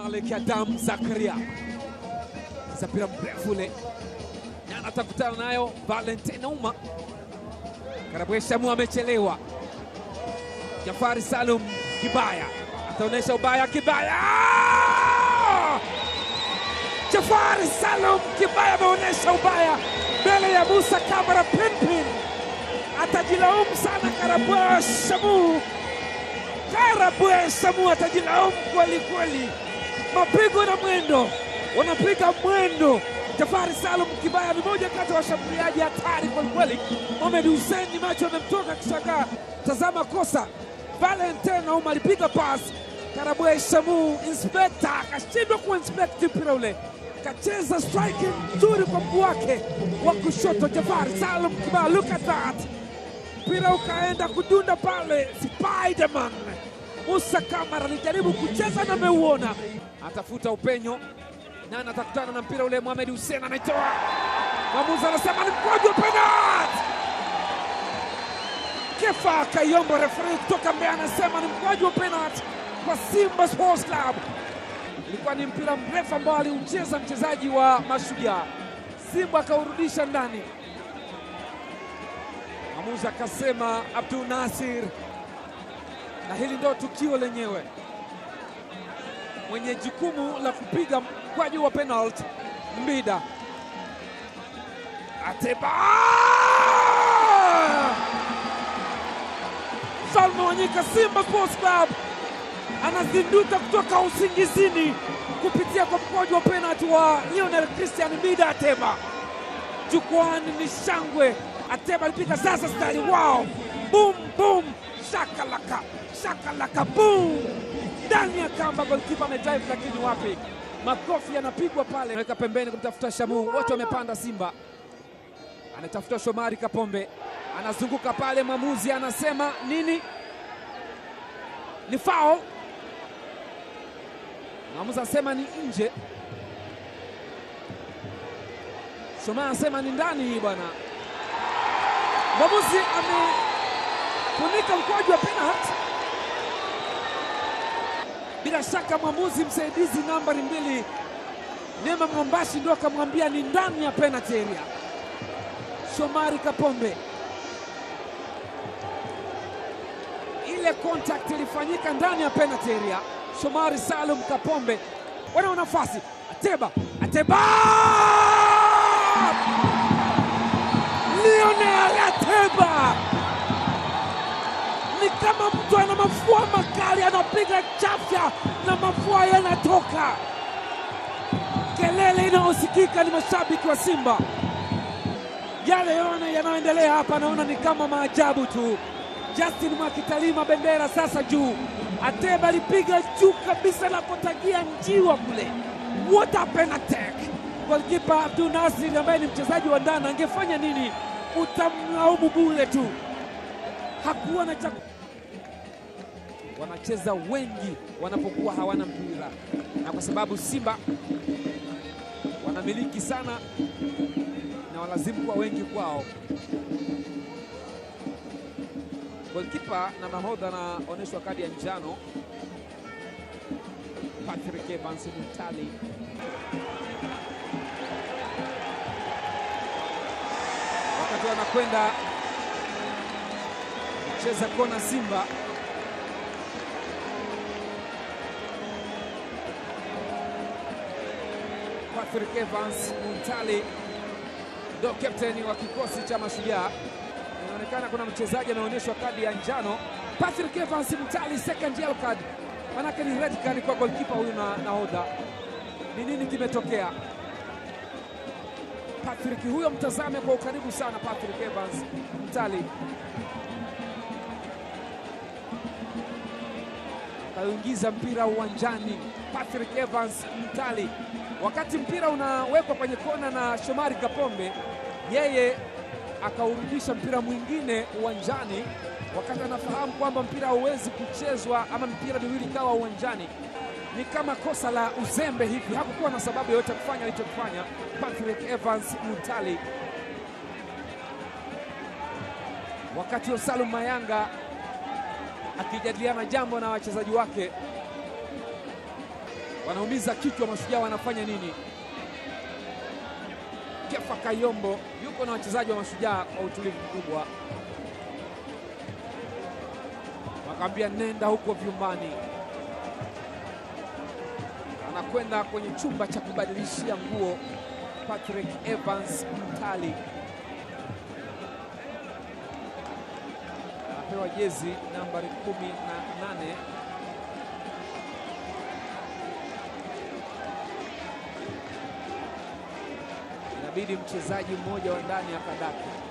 Malik Adam Zakaria, mpira mrefu ule, nana atakutana nayo Valentine Uma. Karabwe Shamu amechelewa. Jafari Salum Kibaya ataonyesha ubaya. Kibaya, Jafari Salum Kibaya ameonyesha ubaya mbele ya Musa Kamara Pinpin, atajilaumu sana Karabwe Shamu. Karabwe Shamu atajilaumu kweli kweli mapigo na mwendo, wanapiga mwendo. Jafari Salum Kibaya ni moja kati ya washambuliaji hatari kwelikweli. Mohamed Hussein macho amemtoka kishangaa, tazama kosa. Valentin Auma alipiga pasi Karabwe Shamu, inspekta akashindwa kuinspekti mpira ule, kacheza strike nzuri kwa mguu wake wa kushoto. Jafari Salum Kibaya, look at that, mpira ukaenda kudunda pale, Spiderman Musa Kamara alijaribu kucheza na ameuona, atafuta upenyo na atakutana na mpira ule. Mohamed Hussein anaitoa, mwamuzi anasema ni mkwaju wa penalti. Kefa Kayombo referee kutoka Mbeya anasema ni mkwaju wa penalti kwa Simba Sports Club. Ilikuwa ni mpira mrefu ambao aliucheza mchezaji wa Mashujaa, Simba akaurudisha ndani. Mwamuzi akasema Abdul Nasir na hili ndio tukio lenyewe. Mwenye jukumu la kupiga mkwaju wa penalti Mbida Ateba Salma Wanyika, Simba Sports Club anazinduka kutoka usingizini kupitia kwa mkwaju wa penalti wa Lionel Christian Mbida Ateba. Jukwani ni shangwe. Ateba alipiga sasa stari, wao bum bum shakalaka shakalaka, boom ndani ya kamba, golikipa amedrive, lakini wapi, makofi yanapigwa pale. weka pembeni kumtafuta Shamu, wote wamepanda. Simba anatafuta Shomari Kapombe, anazunguka pale, mwamuzi anasema nini? Ni fao Mwamuzi anasema ni nje, Shomari anasema ni ndani. Hii bwana, mwamuzi ame kunika mkwaju wa penalti. Bila shaka mwamuzi msaidizi nambari mbili Neema Mwambashi ndio akamwambia ni ndani ya penalty area. Shomari Kapombe, ile contact ilifanyika ndani ya penalty area. Shomari Salum Kapombe wanaona nafasi, Ateba, Ateba kama mtu ana mafua makali, anapiga chafya na mafua yanatoka. Kelele inayosikika ni mashabiki wa Simba. Yale yone yanayoendelea hapa, naona ni kama maajabu tu. Justin Mwakitalima bendera sasa juu, Ateba alipiga juu kabisa na kutangia njiwa kule. What a penalty! Golikipa Abdul Nasir ambaye ni mchezaji wa ndani angefanya nini? Utamlaumu bure tu, hakuwa na chakula wanacheza wengi wanapokuwa hawana mpira, na kwa sababu Simba wanamiliki sana na walazimu kuwa wengi kwao. Golkipa na mahodha anaonyeshwa kadi ya njano Patrick Evans Mutale. Wakati wanakwenda cheza kona Simba Patrick Evans Muntali ndo captain wa kikosi cha Mashujaa. Inaonekana kuna mchezaji anaonyeshwa kadi ya njano. Patrick Evans Muntali, second yellow card, manake ni red card kwa goalkeeper huyu na nahodha. Ni nini kimetokea? Patrick huyo, mtazame kwa ukaribu sana Patrick Evans Muntali. kaingiza mpira uwanjani, Patrick Evans Mtali. Wakati mpira unawekwa kwenye kona na Shomari Kapombe, yeye akaurudisha mpira mwingine uwanjani, wakati anafahamu kwamba mpira hauwezi kuchezwa ama mpira miwili ikawa uwanjani. Ni kama kosa la uzembe hivi, hakukuwa na sababu yoyote kufanya alichokifanya Patrick Evans Mtali, wakati Osalum Mayanga akijadiliana jambo na wachezaji wake, wanaumiza kichwa, mashujaa wanafanya nini? Kefa Kayombo yuko na wachezaji wa mashujaa kwa utulivu mkubwa, wakaambia nenda huko vyumbani, anakwenda kwenye chumba cha kubadilishia nguo. Patrick Evans Mtali amepewa jezi nambari kumi na nane inabidi mchezaji mmoja wa ndani akadaki.